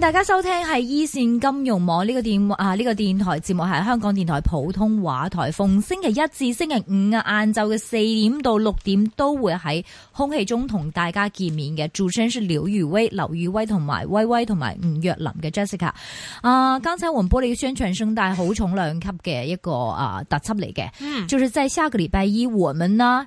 大家收聽係一線金融網呢、這個電啊呢、這個電台節目係香港電台普通話台，逢星期一至星期五啊，晏晝嘅四點到六點都會喺空氣中同大家見面嘅。主持人廖宇威、劉宇威同埋威威同埋吳若琳嘅 Jessica 啊，剛才我們播了一個宣傳聲帶，好重量級嘅一個啊特輯嚟嘅，就是在下個禮拜一，我們呢。